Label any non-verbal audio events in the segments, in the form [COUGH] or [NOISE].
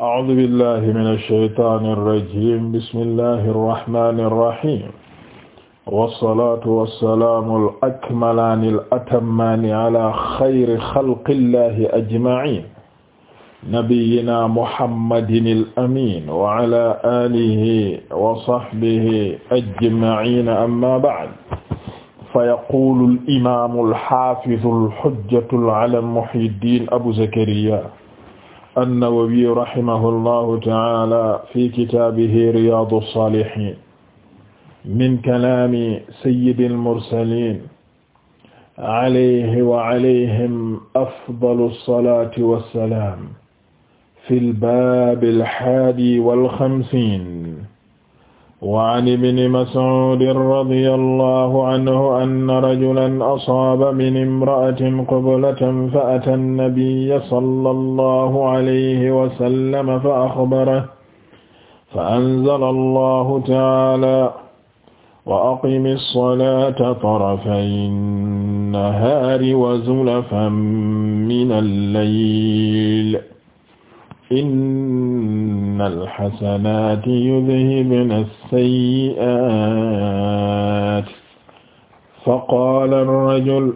أعوذ بالله من الشيطان الرجيم بسم الله الرحمن الرحيم والصلاة والسلام الأكملان الأتمان على خير خلق الله أجمعين نبينا محمد الأمين وعلى آله وصحبه أجمعين أما بعد فيقول الإمام الحافظ الحجة العلم محي الدين أبو زكريا an-Nawawi rahimahullahu ta'ala fi kitaabihi Riyaadu s-Saalihiin min kalaami sayyidil mursaliin alayhi wa alayhim afdalu s-salaati wa s-salaam fil baabil haadi wal khamsiin وعن ابن مسعود رضي الله عنه أن رجلا أصاب من امرأة قبلة فأتى النبي صلى الله عليه وسلم فأخبره فأنزل الله تعالى وأقم الصلاة طرفي النهار وزلفا من الليل إن inna alxasanaati yudhibna alsayi'aat faqaala arrajul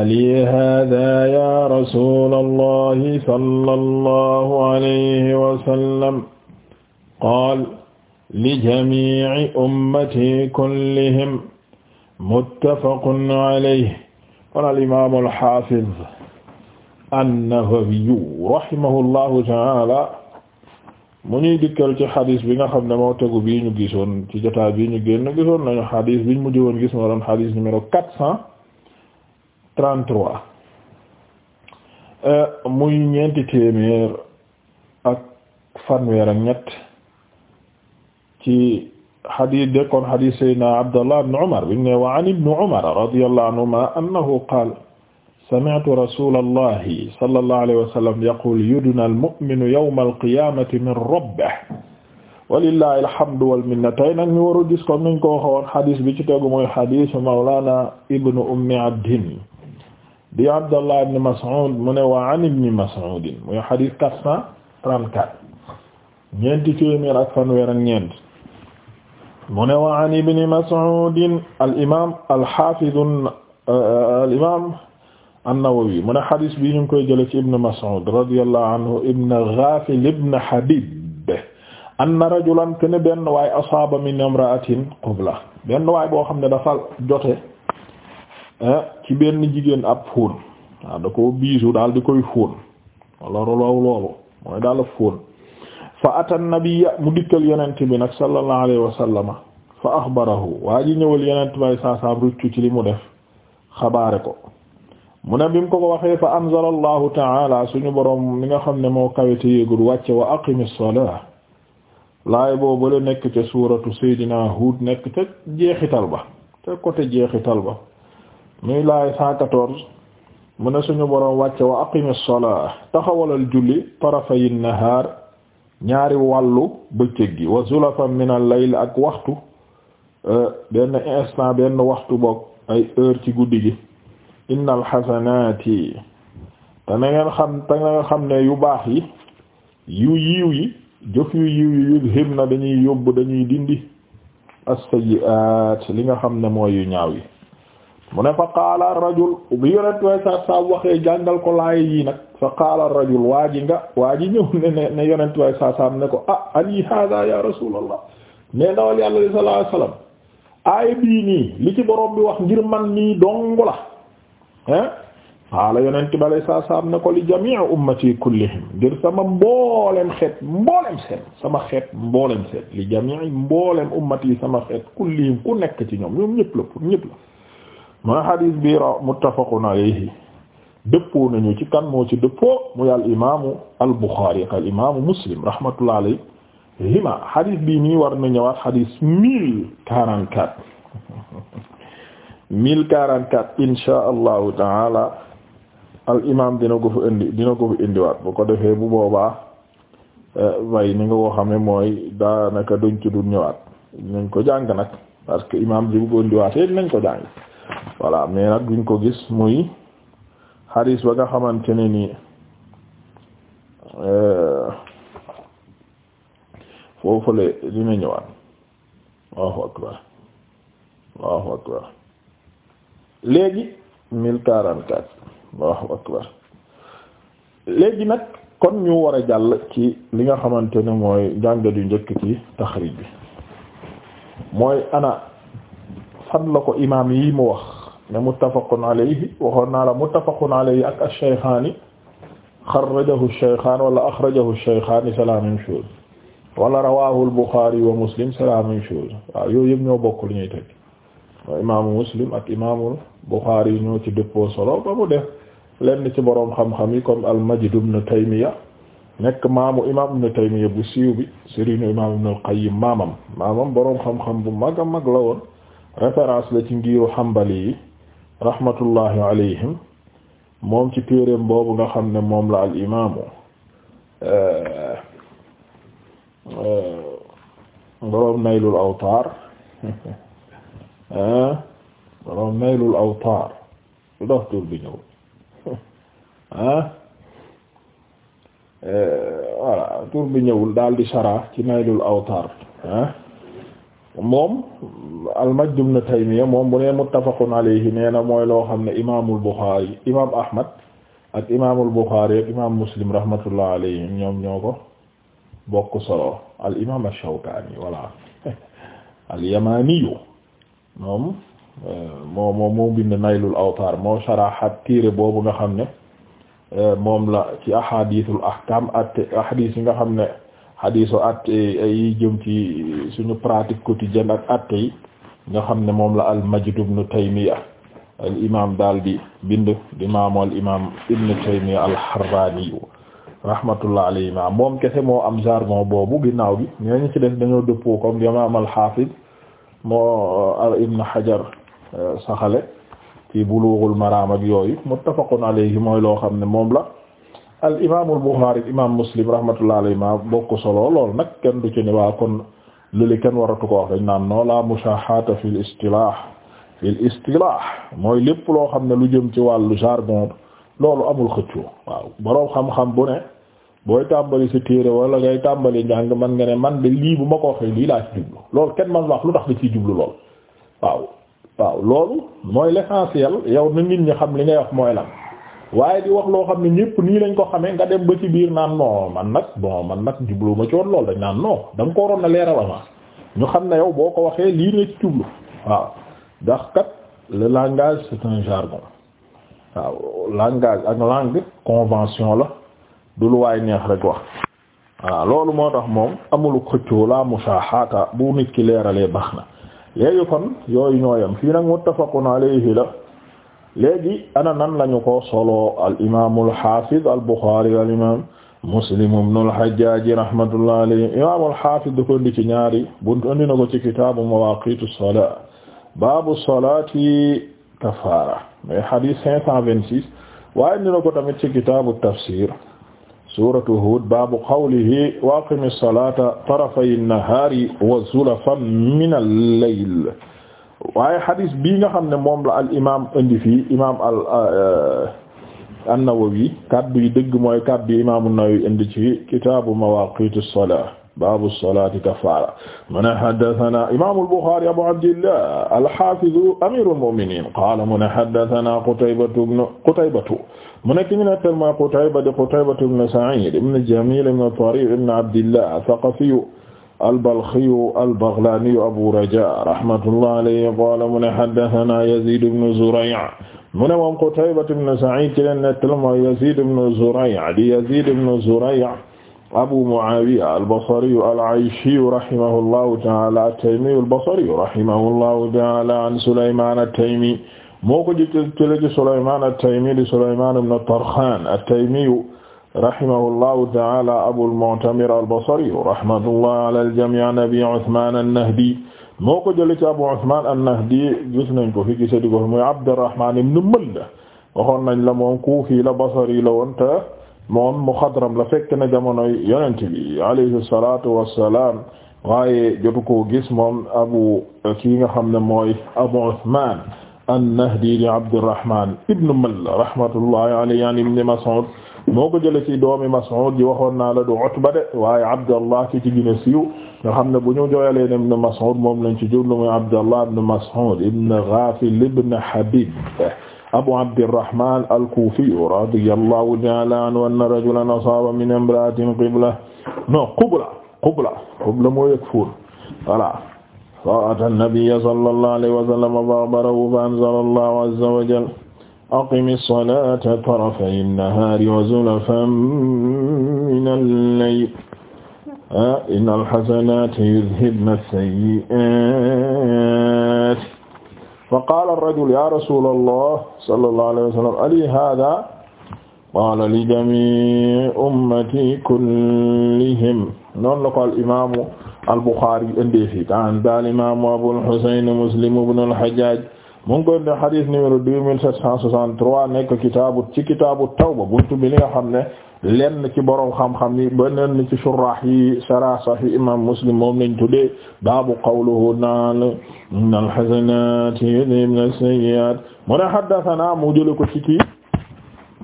ali haadaa yaa rasuula allahi sallallahu alayhi wa sallam qaal lijamiici ummatii kullihim muttafaqun alayhi qaala al-imaamul haafiz an-Nawawi rahimahullahu ta'aala mu ñuy dikkal ci xadis bi nga xam ne moo tegu bi ñu gisoon ci jotaa bii ñu génn gisoon nañu xadis biñ mujj woon gis moo doon xadis numéro quatre cent trente-trois euh, muy ñeenti téeméer ak fanweer ak ñett ci xadis dekkoon xadis Seydina Abdallah ibn Umar biñ ne wa an ibn Umar radiyallahu anhuma annahu qaala sami'tu rasulallahi sallallahu alayhi wa sallam yaqul yudna al-mu'minu yawma al-qiyamati min rabbihi walillahi alhamdu wal minna tey nag ñu war a gis comme niñ ko waxoon xadis bi ci tegu mooy xadisu mawlana ibnu ummi abdin di abdallah ibn mas'ud mu ne wa an ibni mas'ud mooy xadis quatre cent trente-quatre ñeenti téeméer ak fanweer ak ñeent mu ne wa an ibni mas'ud al imam al hafiz al imam an wi mu ne xadis bi ñu ngi koy jële ci ibn Mas'ud radiyallahu anhu ibn Ghafil ibn Habib anna rajulan kene benn waay asaaba min imra'atin qubla benn waay boo xam ne dafa jote eh, ci benn jigéen ab fóon waaw da ko biisu daal di koy fóon wala loolu loolu mooy daal ab fóon fa ata nabiyya mu dikkal yonent bi nag sallallahu alayhi wa sallama fa axbarahu waa ñëwal yonent bay saasaam ruccu ci li mu def xabaare ko mu ne bi mu ko ko waxee fa anzala allahu taala suñu borom mi nga xam ne moo kawite yéegul wàcce wa aqimi salaa laay boobu la nekk ca suuratu Seydina Huud nekk ca jeexital ba ca côté jeexital ba muy laay 114 mu ne suñu borom wàcce wa aqimi salaa taxawalal julli tarafayi nahaar ñaari wàllu bëccëg gi wa zulafan min al ak waxtu euh, benn instant benn waxtu boog ay heure ci guddi gi innal xasanaati te na ngeen xam te na xam ne yu baax yi yu yiw yi jëf yu yiw yi yudhibna dañuy yóbbu dañuy dindi as-sayyi'aat li nga xam ne mooy yu ñaaw yi mu ne fa qaala ar-rajul bi yonent way saab saab jàngal ko laay yi nag fa qaala ar-rajul waa ji nga waa ji ñëw ne ne yonent way saab ne ko ah ali hada ya rasulallah ne ndawal yàlla sallallahu alayhi wasallam aay bii nii li ci borom bi wax ngir man nii dong la hein xaala yonent bi alay saa salaam ne ko li jamii ummati kullihim ngir sama mboolem xeet mboolem seen sama xeet mboolem seen li jamii mboolem ummati sama xeet kullihim ku nekk ci ñoom ñoom ñëpp la pour ñëpp la mooy xadiis bi ra muttafaqun alayhi dëppoo nañu ci kan moo ci dëppoo muy al imaamu al buxaari ak al imaamu muslim rahmatullah alayhi hima xadiis bii nii war na ñëwaat xadiis mille quarante-quatre 1044 insha allahu taala al imam dina ko fa indi dina ko fa indiwaat boo ko defee bu boobaa eh, way ni nga ko xam ne mooy daanaka duñ ci du ñëwaat dinañ ko jàng nag parce que imam bi bu ko indiwaatee dinañ ko jàng voilà mais nag duñ ko gis muy xadiis ba nga xamante ne nii eh, foofule dina ñëwaat Allahu akbar Allahu akbar léegi mille quarante quatre léegi nag kon ñu war a jàll ci li nga xamante ne mooy njàngat yu njëkk ki taxrij mooy ana fan la ko imaam yi mu wax ne muttafaqun alayhi waxoon naa la muttafaqun alayhi ak ash-shaykhaani xarrajahu ash-shaykhaan wala axrajahu ash-shaykhaani c'est la même wala rawaahu al-Buxaari wa Muslim c'est la même yëpp ñoo bokk lu ñuy teg wa imaamu Muslim ak imaamu Bukhari ñoo ci dëppoo solo ba mu def lenn ci boroom xam-xam yi comme al-Majid ibn Taymiya nekk maamu imaam ibn Taymiya bu siiw bi sëriñu imaam ibn al maamam maamam boroom xam-xam bu mag a mag la woon référence la ci ngiiru xambali yi rahmatullahi alayhim moom ci téereem boobu nga xam ne moom la al imaamu euh, euh, boroom Naylul Awtaar [LAUGHS] borom naylul awtaar lu dox tur bi ñëw eh, bi ñëwul daal di shara ci naylul awtaar ah moom al-Majd ibn moom bu nee muttafaqun alayhi nee mooy loo xam ne imaamul Buxaari imaam Ahmad ak imaamul Buxaari ak imaam Muslim rahmatullah alayhim ñoom ñoo ko bokk solo al imaam ash-Shawkaani [LAUGHS] moo moo bind naylul awtaar moo saraxat téere boobu nga xam ne euh, moom la ci ahadithul ahkam at ahadith yi nga xam ne hadisu at yi jëm ci suñu pratique quotidienne ak atte yi nga xam ne moom la al majd ibn taymiya al imam daal di bind di maamu al imam ibn taymiya al harrani rahmatullah alayhi moom kese moo am jargon boobu ginnaaw bi ñooñu ci def dañoo dëppoo comme imam al hafiz moo al ibn hajar Euh, saxale ci bulughul maraam ak yooyu muttafaqun alayhi mooy loo xam ne moom la al imaamul buxaari imaam muslim rahmatullah alayhi ma bokk solo lool nag kenn du ci ne waa kon lële kenn waratu ko naan noo la mushahata fil istilah mooy lépp loo xam ne lu jëm ci wàllu jargon loolu amul xëccoo waaw boroom xam-xam bu ne booy tàmbali sa téere wala ngay tàmbali njàng man nga ne man de lii bu ma ko waxee lii laa ci jublu loolu kenn man wax lu tax da ciy jublu lool waaw waaw loolu mooy l'essentiel yow na nit ñi xam li ngay wax mooy lan waaye di wax loo xam ne ñépp nii lañ ko xamee nga dem ba ci biir naan non man nag bon man nag jublu ma ci woon loolu dañ naan non da nga ko waroon na leeral avance ñu xam ne yow boo ko waxee lii nga ci jublu waaw ndax kat le langage c'est un jargon waaw langage ak langue convention la du lu waay neex rek wax waaw loolu moo tax moom amulu xëccoo la musaaxaata bu nit ki leeralee baax na léegi kon yooyu ñooyam fii nag muttafaqun alayhi la léegi ana nan lañu ko solo al imaam al xaafiz al buxaari al imaam muslim ibn al hajjaaj rahmatullah alayhi imaam al xaafiz da ko indi ci ñaari buntu indi na ko ci kitaabu sola salaa baabu salaati kafaara mais xadiis 526 waaye indi na ko tamit ci kitaabu tafsiir suratu Hud baabu qawlihi wa aqimi salata tarafay nahaari wa zulafan min al-layl waaye hadis bii nga xam ne moom la al imaam indi fii imaam al euh, an-Nawawi kaddu yi dëgg mooy kaddu yi imaam an-Nawawi indi ci kitaabu mawaaqiit as-salaat baabu as-salaati kafaara man haddathanaa imaam al-Bukhaari abu abdillah al-haafiz amiirul mu'miniin qaala man haddathanaa Qutaybatu mu nekk ñu nettal ma Qutayba di Qutayba ibn Sa'id ibn Jamil ibn Tariq ibn Abdillah ath-Thaqafiyu al-Balkhiyu al-Baghlaniyu Abu Raja rahmatullahi alayhi qala mu ne haddathana Yazid ibn Zuray' mu ne moom Qutayba ibn Sa'id ci leen nettal ma Yazid ibn Zuray' di Yazid ibn Zuray' Abu Muawiya al-Basriyu al-Ayshiyu rahimahullahu ta'ala at-Taymiyu al-Basriyu rahimahullahu ta'ala an Sulayman at-Taymi moo ko jëlee ci Sulaymaan at-Taymi di Sulaymaan ibn Tarxaan at-Taymi rahimahullahu ta'ala Abul Mu'tamir al-Basri rahmatullahi ala al-jamii' an Abi Usmaan an-Nahdi moo ko jëlee ci Abu Usmaan an-Nahdi gis nañ ko fi gis di ko fi muy Abdurrahmaan ibn Mulla waxoon nañ la moom Kuufi la Basri la woon te moom muxadram la fekk na jamonoy Yonent bi alayhi salaatu wassalaam waaye jotu ko gis moom abu ki nga xam ne mooy Abu Usmaan an-Nahdi di Abdurrahman ibn Mall rahmatullahi alayhi an ibn Mas'ud moo ko jële ci doomi Mas'ud ji waxoon naa la du Utba de waaye Abdallah ki ci gën a siiw nga xam ne bu ñu jooyalee ne ibn Mas'ud moom lañ ci jublu muy Abdallah ibn Mas'ud ibn Ghafil ibn Habib Abu Abdirrahman al-Kufi radiyallahu ta'ala anhu anna rajulan asaba min imra'atin qibla non qubla qubla qubla mooy ak fóon voilà fa ata nabiyya sallallahu alayhi wa sallam fa akhbarahu fa anzala allahu azza wa jalla aqimi salata tarafay nnahaari wa zulafan minal layl innal hasanati yudhhibna sayyi'ati fa qala ar-rajulu ya rasulallah sallallahu alayhi wa sallam ali hadha qala li jami'i ummati kullihim noonu la ko al imamu al-Bukhari indee fi an daal imaam Abul Husayn Muslim ibn al-Hajjaj mu ngi koy def hadith numéro 2763 nekk kitaabu ci kitaabu tawba buntu bi li nga xam ne lenn ci borom xam-xam yi beneen ci shurrah yi shara sahih imam Muslim moom lañ tuddee baabu qawluhu ta'ala inna al-hasanati yudhhibna as-sayyi'at mu ne haddathana mu jële ko ci kii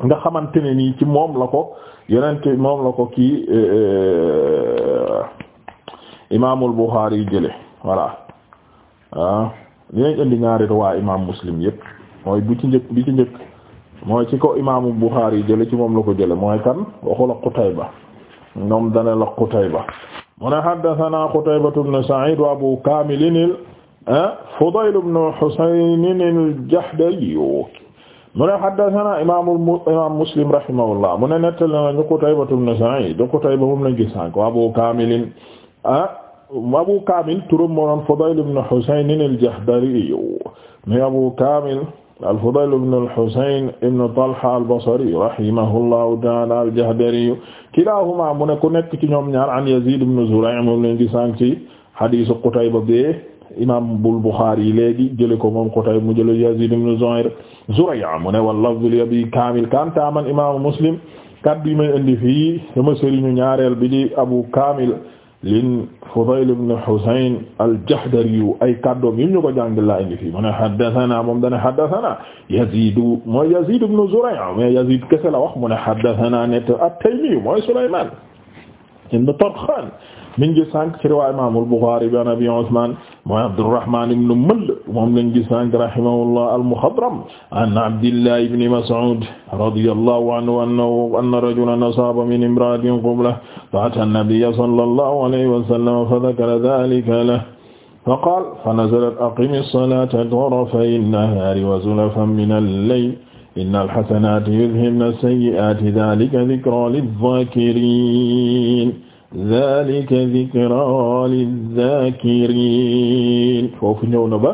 nga xamante ne nii ci moom la ko yonente moom la ko kii eh, eh, imaamul Buxaari jële voilà ah dinañ indi ñaari riwaa imaam Muslim yëpp mooy bu ci njëkk bi ci njëkk mooy ci ko imaamu Buxaari jële ci moom la ko jële mooy kan waxu la Qutayba ñoom dana la Qutayba mu ne haddasanaa Qutayba ibn Sa'iid wa Abu Kaamil ah, Fudayl ibn Husayn al-Jahdari mu ne haddasanaa imaamul imaam Muslim rahimahullah mu nettali na ñu Qutayba ibn Sa'iid Qutayba moom ah Abu Kamil turam moo doon Fudayl ibn Husayn al-Jahdari mi Abu Kamil al-Fudayl ibn al-Husayn ibn Talha al-Basri rahimahullahu ta'ala al-Jahdari kilaahumaa mu ne ku nekk ci ñoom ñaar an Yazid ibn Zuray' moom lañ di sànq ci hadiisu Qutayba bee imaam al-Bukhari yi léegi jële ko moom Qutayba mu jële Yazid ibn Zuray' Zuray' mu ne wal-lafzu li Abi Kamil kanta man imaamu Muslim kaddu yi may indi fii sama sëriñu ñaareel bi di Abu Kamil lin Fudayl ibn Husayn al-Jahdariyu ay kàddoom yi ñu ko jàngil laa indi fii mu ne haddathana moom dana haddathana Yazid mooy Yazid ibn Zuray' mais Yazid kese la wax mu ne haddathana net at-Taymi mooy Sulayman ibn Tarkhan min ngi sànq ci riwaaya Imaamul Buxaari bi an Abi Usmaan mooy Abdurrahmaan ibn Mull moom lañ ngi sànq rahimahullah al-Muxadram an Abdillah ibn Mas'uud radiyallahu anhu annahu anna rajulan asaaba min imra'atin qubla fa-ata an-nabiyya sallallahu alayhi wa sallam fa-dhakara dhaalika lahu faqaala fa-nazalat aqimi s-salaata tarafay n-nahaari wa zulafan mina l-layli inna al-hasanaati yudhhibna s-sayyi'aati dhaalika dhikraa liz-zaakiriin zalika zikra lizzakirin foofu ñëw na ba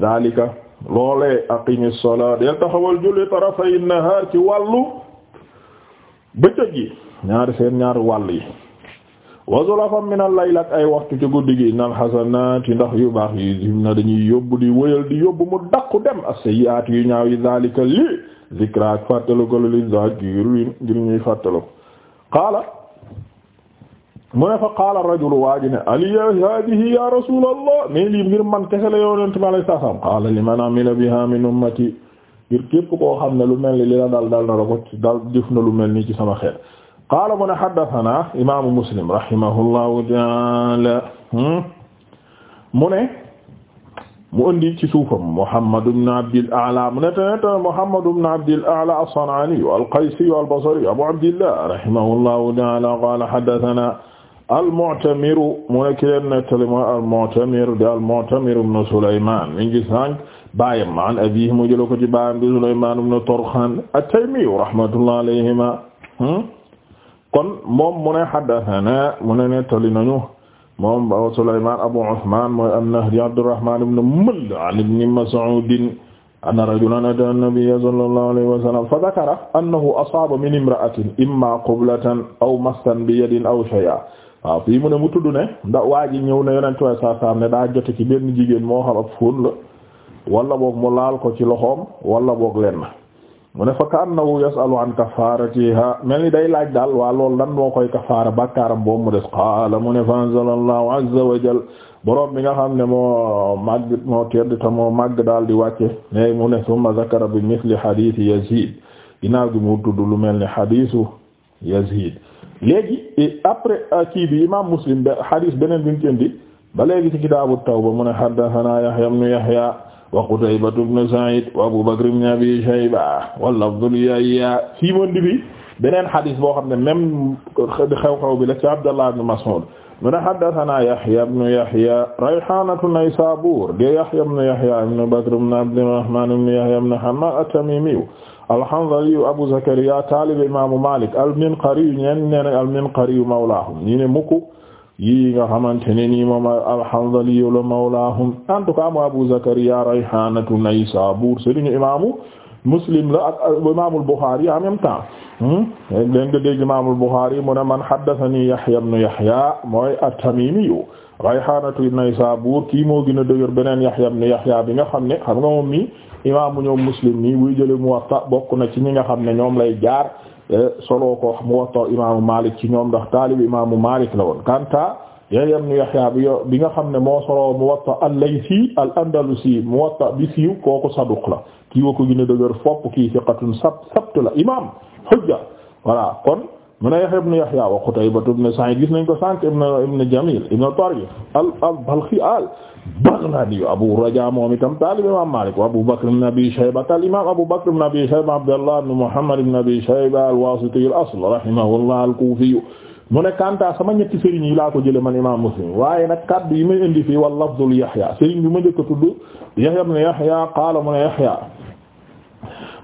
zalika loolee aqimi salaa del taxawal julli tarafay nahaar ci wàllu bëccëg gi ñaari seen ñaari wàll yi wa zulafan min al-layl ak ay waxtu ci guddi gi innal xasanaati ndax yu baax yi na dañuy yóbbu di wëyal di yóbbu mu dàqu dem as-sayyi'aat yu ñaaw yi zalika li zikra ak fàttaliku li zakirin ngir ñuy fàttaliku qaala mu ne fa qaala rajulu waa ji ne aliya hadihi ya rasulallah mais lii ngir man kese la yonent bi alayhi salaam qaala liman amila biha min ummati ngir képp koo xam ne lu mel ni li la dal dal na la ko dal jëf na lu mel nii ci sama xeet qaala mu ne haddathana imaamu muslim rahimahullahu taala hmm? mu ne mu indi ci suufam Muhammad ibn Abdil A'la mu ne tene tene Muhammad ibn Abdil A'la as-San'ani al-Qaysi al-Basri abu Abdillah rahimahullahu taala qaala haddathana al-Mu'tamiru mu nekk leen nettali mooy al-Mu'tamir di al-Mu'tamir ibn Sulaymaan mi ngi sànq baayam an abiihi mu jëloon ko ci baayam di Sulaymaan ibn Tarxaan at-Taymi rahmatullahi alayhimaa hmm? kon moom mu ne haddathanaa mu ne nettali nañu moom Sulaymaan Abu Usmaan mooy an-Nahdi Abdurrahmaan ibn Mull an ibn Mas'uud anna rajulan ataa an-nabiyya sallallahu alayhi wa sallam fa dhakara annahu asaaba min imra'atin immaa qublatan aw massan bi yadin aw shay'an waaw fii mu ne mu tudd ne nda waa ji ñëw na yonent way saa saam ne daa jote ci benn jigéen moo xam ab fóon la wala boog mu laal ko ci loxoom walla boog leen na mu ne fa ka yasalu an kafaratiha mel ni day laaj daal waa loolu lan moo koy kafaara bàkkaaram boobu mu des qaala mu ne fa anzala allahu azza wa boroom bi nga xam ne moo màgg moo tedd ta moo màgg daal di wàcce mais mu ne summa zakara bi misli hadith yazid ginnaaw gi mu tudd lu mel ni hadithu yazid léegi après euh, kii bi imam muslim da hadis beneen bi ñu ci indi ba léegi ci kitaabu tawba mu ne haddathana yahya ibn yahya wa qutayba ibn sa'id wa abu bakr ibn abi shayba wa lafdhu yahya fii mondi bi beneen hadis boo xam ne même xew-xew bi la ci abdallah ibn mas'ud mu ne haddathana yahya ibn yahya rayhanatu naysabur de yahya ibn yahya ibn bakr ibn abd alrahman ibn yahya ibn hammad at-tamimi al-Hanzali Abu Zakariya taalib imaamu Malik al-Minqari ñenn ne al-Minqari mawlaahum ñi ne mukk yi nga xamante ne nii moom al-Hanzali la mawlaahum en tout cas mu Abu Zakariya rayhaanatu Naysaabuur sëriñu imaamu Muslim la ak imaamul Buxaari en même temps hmm? leen nga dégg imaamul Buxaari mu ne man haddathanii Yahyaa ibnu Yahyaa mooy at-Tamiimi rayhaanatu Naysaabuur kii moo gën a dëgër beneen Yahyaa bi nga xam ne xam nga moom imaamu ñoom muslim nii buy jële muwatta bokk na ci ñi nga xam ne ñoom lay jaar eh, solo ko muwatta imaamu malik ci ñoom ndax taalib imaamu malik la woon kanta Yahya ibn Yahya bi nga xam ne moo solo muwatta al-Laythi al-Andalusi muwatta bi siiw kooku saduq la kii wa ko gën dëgër fopp kii siqatun sab sabt la imaam hujja voilà kon mu ne Yahya ibn Yahya wa Qutayba ibn Sa'id gis nañ ko sànq ibn ibn Jamil ibn Tarif al al-Balkhi al-Baghlani Abu Raja moom itam talib imam Malik wa Abu Bakr ibn Abi Shayba tal imam Abu Bakr ibn Abi Shayba Abdullah ibn Muhammad ibn Abi Shayba al-Wasiti al-asl rahimahullah al-Kufi mu ne Kanta sama ñetti sëriñ yi laa ko jëlee man imam Muslim waaye nag kaddu yi may indi fii wal lafzul Yahya sëriñ bi ma njëkk a tudd Yahya ibn Yahya qaala mu ne Yahya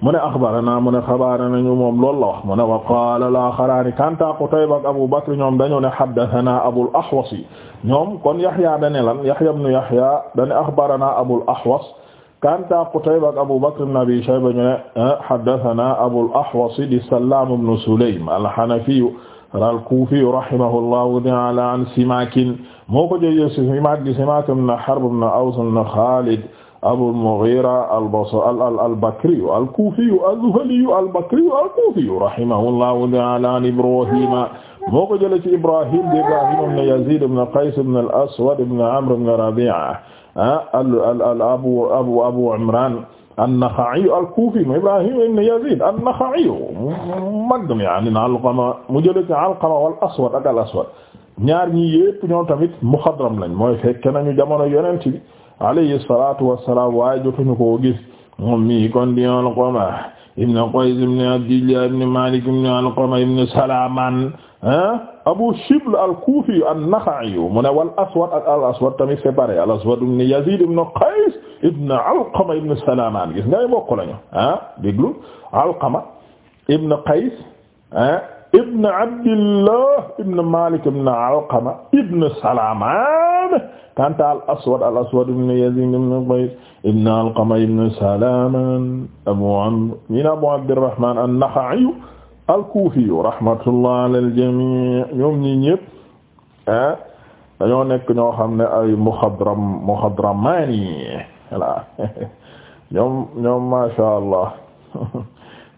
mu ne axbarana mu ne xabaara nañu moom loolu la wax mu ne wa qaala al-aaxaraani kanta Qutayba ak Abu Bakr ñoom dañu ne haddathana Abul Ahwas ñoom kon Yahya dane lan Yahya ibn Yahya dane axbarana Abul Ahwas kanta Qutayba ak Abu Bakr ibn Abi Shayba ñu ne haddathana eh, Abul Ahwas di Sallaam ibn Sulaym al-Hanafi al-Kufi rahimahullahu ta'ala an Simakin moo ko jëlee Simaak di Simaak ibn Harb ibn Aws ibn Khalid Abu al-Mughira al-Bakri al-Kufi az-Zuhli al-Bakri al-Kufi rahimahullahu ta'ala an Ibrahima moo ko jëlee ci Ibrahim di Ibrahim ibn Yazid ibn Qays ibn al-Aswad ibn Amr ibn Rabi'a abu abu abu Imran an-Nakha'i al-Kufi Ibrahim ibn Yazid an-Nakha'i mag mi an Alqama mu jëlee ci Alqama wal-Aswad ak al-Aswad ñaar ñi yépp ñoo tamit muxadram lañ mooy fekk nañu jamono Yonent bi alayhi salatu wassalam waaye jotuñu ko gis moom mi kon di Alqama ibn Qays ibn Abdillah ibn Malik ibn Alqama ibn Salaman ah, Abu Shibl al-Kufi an-Nakha'i mu ne wal Aswad ak al-Aswad tamit c'est pareil al-Aswad ibn Yazid ibn Qays ibn Alqama ibn Salaman gis ngay bokk lañu ah déglu Alqama ibn Qays ah ibn Abdillah ibn Malik ibn Alqama ibn Salaman kanta al aswad al aswad ibn yazid ibn qays ibn alqama ibn salaman abu amr min abu abdurrahman an-nakha'i al-kufi rahmatullah ala al-jami' ñoom ñi ñépp ah dañoo nekk ñoo xam ne ay muxadram muxadramani voilà [LAUGHS] ñoom ñoom ma sha Allah [LAUGHS]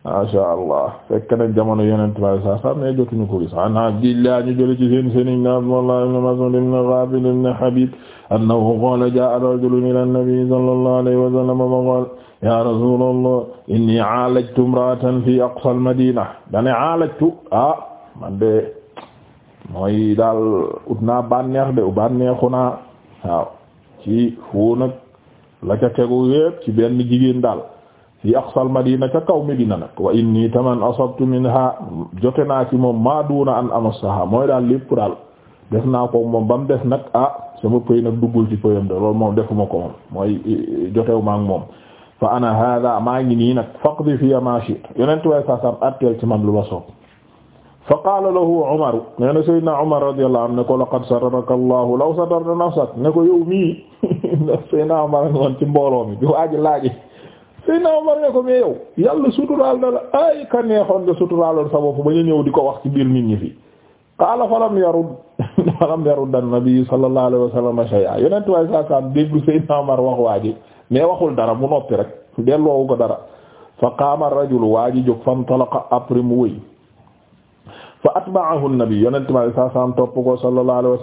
masha allah fekk na jamono yonent bi saa saa mais jotuñu ko gis an Abdillah ñu jële ci seen sëriñ Abdullah ibn Mas'ud ibn Ghafil ibn Habib annahu qala jaa'a rajulun ila an-nabi sallallahu alayhi wa sallam fa qala ya rasulallah inni aalajtu imra'atan fi aqsa al-madina dane aalajtu ah man de mooy daal ut naa bànneex de u bànneexu naa waaw ci fuu nag la ca tegu yépp ci benn jigéen daal fi aqsal madina ca kaw Medina nag wa inni taman asabtu minha jote naa ci moom maa duuna an amassaha mooy daal lépp daal def naa ko moom ba mu def nag ah sama pëy nag duggul ci pëyam de loolu moom defuma ko moom mooy jotew maa ngi moom fa ana hada maa ngi nii nag faqdi fiya ma shit yonentu way sa atteel ci man lu ma soob fa qaala lahu Umar nee na Seydina Umar radiyallahu ne ko laqad sataraka Allahu law satarta nafsak ne ko yow mii [LAUGHS] Seydina Umar woon ci mbooloo mi bi waaji laaji Seydina Omar ne ko mais yow yàlla suturaal na la ay ka neexoon nga suturaaloon sa bopp ba ñu ñëw di ko wax ci biir nit ñi fii qaala falam yarud [LAUGHS] falam yarud an-nabi sallallahu alayhi wa sallam shay'a yonent waaye saa saa déglu Seydina Omar wax waa ji waxul dara mu noppi rek delloowu ko dara fa qaama ar-rajul waa ji jóg fantalaqa après mu wëy fa atba'ahu an-nabi yonent waaye saa saa topp ko sallallahu alayhi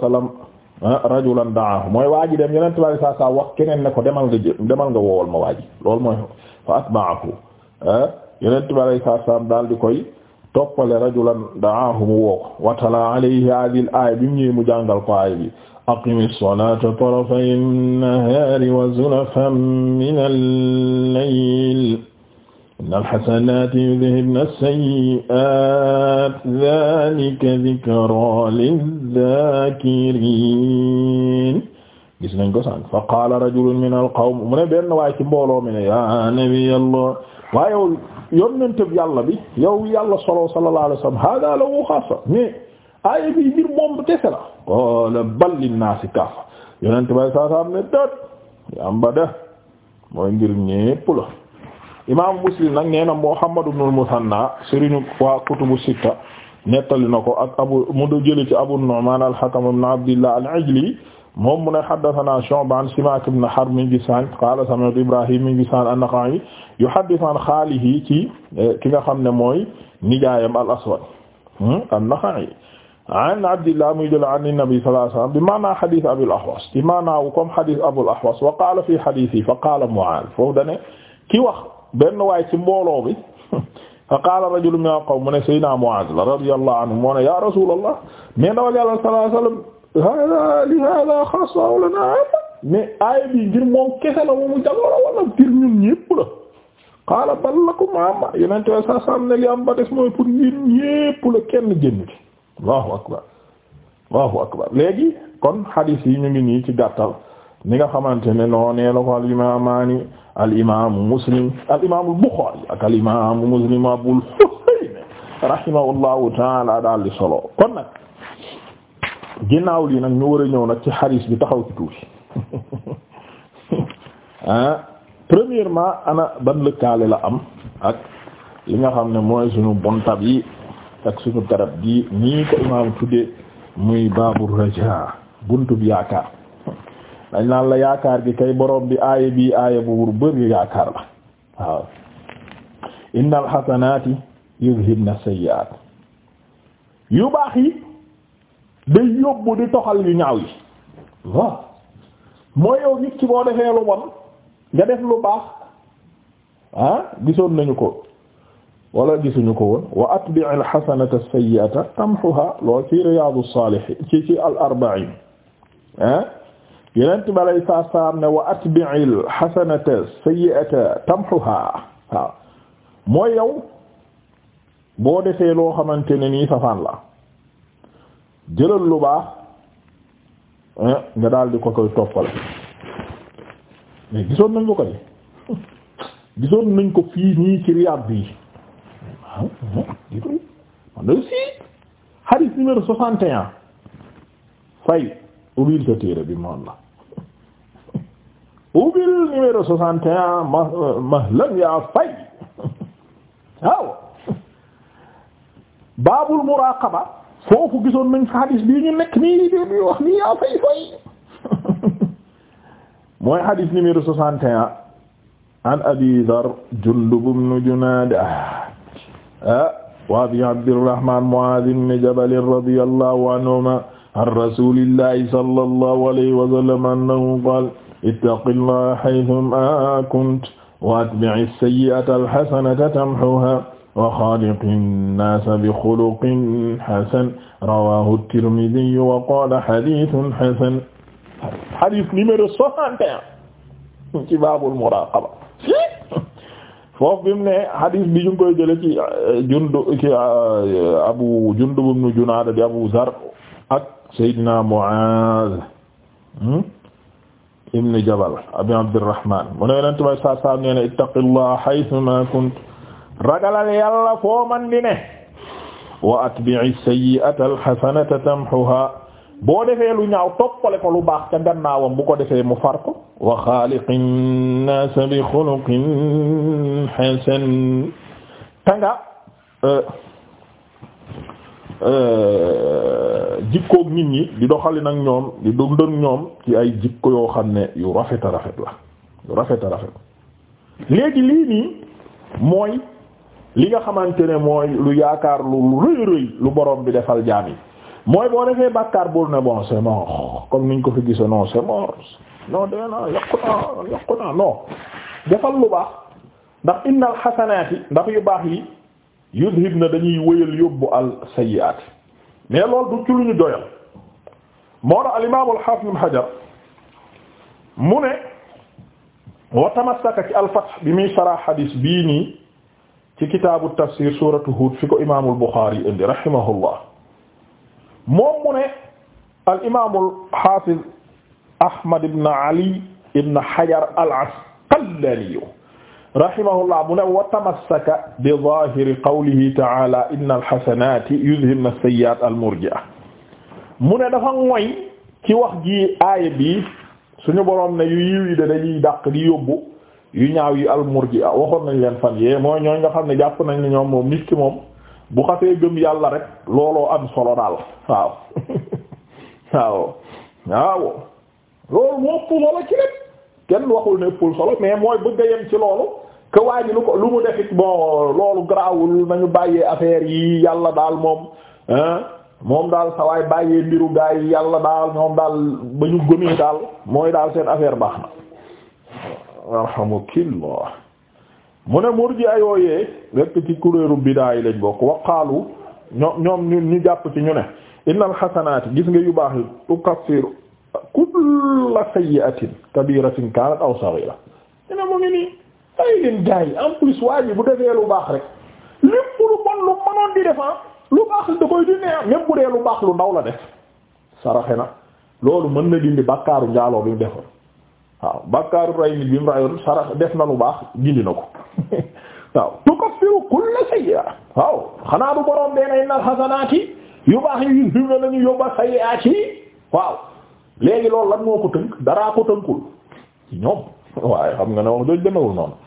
wa rajulan da'ahu mooy waa ji dem yonent waaye saa saa wax keneen ne ko demal nga jël demal nga loolu mooy. fa atba'ahu yeneen tubaab yi saam daal di koy toppale rajulan da'aahu mu woo watala alayhi hadhihi al-aaya bi mu ñëwee mu jàngal ko aaya bi aqimi s-salaata tarafay n-nahaari wa zulafan mina l-layl inna al-hasanaati yudhhibna s-sayyi'aat dhaalika dhikraa liz-zaakiriin gis nañ ko sànq fa qaala rajulun min al qawm mu ne benn waaye ci mbooloo mi ne ya nabiyallah waaye yow yonenteb yàlla bi yow yàlla solo sallallahu alayhi wasallam hada lahu xaasa mais aaya bi mbir moom kese la qaala bal linnaasi kaafa yonente bay saa saam ne dët yam ba de mooy ngir ñépp la imam muslim nag nee na muhammad ibn al-musanna sëriñu waa kutubu sitta nettali na ko ak abu mu do jële ci abu nu'man al-hakam ibn abdillah al-ajli moom mu ne haddathana Shu'ba an Simak ibn Harb mi ngi sànq qaala sami'tu Ibrahim mi ngi sànq an-Nakha'i yuhaddithu an xaalihi ci eh, ki nga xam ne mooy nijaayam al-Aswad hmm, an-Nakha'i an Abdillah muy jël an Nabi sallallahu alayhi wasallam bi maanaa hadith Abul Ahwas bi maanaawu comme hadith Abul Ahwas wa qaala fi hadithihi fa qaala Mu'aaz foofu da ne ki wax benn waay ci mbooloo bi [LAUGHS] fa qaala rajulun min al-qawm mu ne Sayyidina Mu'aaz la radiyallahu anhu moo ne yaa Rasuulallah mais ndawal Yàlla sallallahu alayhi wasallam hada li hada xaasa wala naa mais aaya bi ngir moom kese la moomu jagoro wala ñun ñépp la xaala bal lakum amma yenente ne li am ba des mooy pour ngir kenn génn ci akbar allahu akbar léegi kon hadith yi ñu ngi nii ci gàttal ni nga xamante ne noonee la ko al muslim al buxaari ak al imaamu muslim abul husayn rahimahullahu taala daal di solo ginnaaw lii nag ñu war a ñëw nag ci xadiis bi taxaw ci tuuti [LAUGHS] ah premièrement ana ban lëkkaale la am ak li nga xam ne mooy suñu bontab yi ak suñu garab gi nii ko imaam tudde muy baabu raja buntub yaakaar dañ naan la yaakaar gi kay boroom bi aaya bi aaya bu wur bëri yaakaar la waaw innal xasanaati yuzhibna sayyi'aat yu baax yi day yóbbu di toxal yu ñaaw yi waaw mooy yow nit ci boo defee lu bon nga def lu baax ah, gisoon nañu ko wala gisuñu ko woon wa atbi' al-hasanata as-sayyi'ata tamhuha lool ci Riyâdous-Sâlihîne ci al ah. salaam ne wa atbi'il hasanata sayyi'ata tamhuha waaw mooy yow boo defee loo xamante ni nii safaan la jëlal lu baax nga daal di ko koy toppal mais gisoon nañ ko ko [LAUGHS] gisoon nañ ko fii nii ci Riyad bi waaw ah, ah, man soixante et fay ubbil sa téere bi moon la [LAUGHS] ubbil numéro soixante et un ma mahlan yaa fay [LAUGHS] waaw baabul muraqaba foofu gisoon nañ fa hadis bii ñu nekk nii di wax nii yaa fay fay mooy hadis numéro 61 an abi dhar jundub ibn junaada ah, wa abi abdurrahman muaaz ibn jabal radiyallahu anhuma an rasulillahi sallallahu alayhi wa sallam annahu qaala ittaqillaha haythuma kunt wa atbi'is sayyi'ata alhasanata tamhuha wa xaaliqin naasa bi xuluqin xasan rawaahu tirmidi wa qaala xadiisun xasan. xadis numéro soixante et un ci baabul muraaqaba foofu bi mu ne xadis bi ñu ngi koy jëlee ci euh, jundu ci euh, abu Jundub ibnu Junaada di abu Zar ak Seydina Muaaz hmm, ibnu Jabal abi Abdurrahmaan mu ne leen tamit saa saa nee na ittaqillaha haysumaa kunta ragalal yàlla foo man di ne wa atbi'i sayyi'ata alxasanata tamxuha boo defee lu ñaaw toppale ko lu baax ca gannaawam bu ko defee mu far ko wa xaaliqin nas bi xuluqin hasan ta nga euh, euh, jikkoog nit ñi di doxali nag ñoom di dundal ñoom ci ay jikko yoo xam ne yu rafet rafet la yu rafet rafet léegi lii nii mooy li nga xamante ne mooy lu yaakaar lu rëy rëy lu borom bi defal jaam yi mooy boo defee bàkkaar bul ne bon c'est mort comme niñ ko fi gise non c'est mort non dee na yàqu naa yàqu defal lu baax ndax innal xasanaati ndax yu baax yi na dañuy wëyal yóbbu al sayyi'aat mais loolu du ci lu ñu doyal moo tax al imaam al haafiz mu ne wa ci al fath bi muy sarah hadis bii nii ci kitaabu tafsir suratu Hud fi ko imaamul Buxaari yi indi rahimahullah moom mu ne al imaamul xaafiz Ahmad ibn Ali ibn Hajar al-Asqalaani rahimahullah mu ne wa tamassaka bi zaahiri qawlihi ta'aala innal hasanaati yudhhibna as-sayyi'aat al-murji'a mu ne dafa mooy ci wax ji aaya bi suñu boroom ne yu yiw yi de dañuy dàq di yóbbu yu ñaaw yi al-murji'a ah, waxoon nañ leen fan yee mooy ñooñ nga xam ne jàpp nañ ne ñoom moom nit ki moom bu xasee gëm yàlla rek looloo am solo daal waaw [LAUGHS] waaw waaw loolu moo ëpp solo ci lépp kenn waxul ne ëppul solo mais mooy bëgg a yem ci loolu que lu ko lu mu defit bon loolu garaawul nañu bàyyee affaire yi yàlla daal moom moom daal sawaay bàyyee mbiru gaa yàlla daal moom daal ba ñu gëmee daal mooy daal seen affaire baax na arhamukillah mu ne murji'a yooyee rekk ci kuréelu bidaa yi lañ bokk waqaalu ñoom ñoom ñu ñu jàpp ci ñu ne innal xasanaati gis nga yu baax yi tukaffiru kulla sayyi'atin kabiratin kaanat aw saghira ñu ne mu ngi nii ay leen gaa yi en plus waa ji bu defee lu baax rek lépp lu lu mënoon di defar ah, ah, lu baax lu baax ndaw la def saraxe na loolu mën na dindi bàkkaaru njaaloo bi mu defoon waaw bakkaaru ray nit bi mu rayoon sara def na lu baax gindi na ko [LAUGHS] waaw tukaffiru kulla sayyi'a waaw xanaa du borom bee nay na xasanaati yu baax yi yu siiw na lañu yóbba sayyi'aati waaw léegi loolu lan moo ko tënk daraa ko tënkul ci ñoom [LAUGHS] waaye xam nga ne wax jooju demewul noonu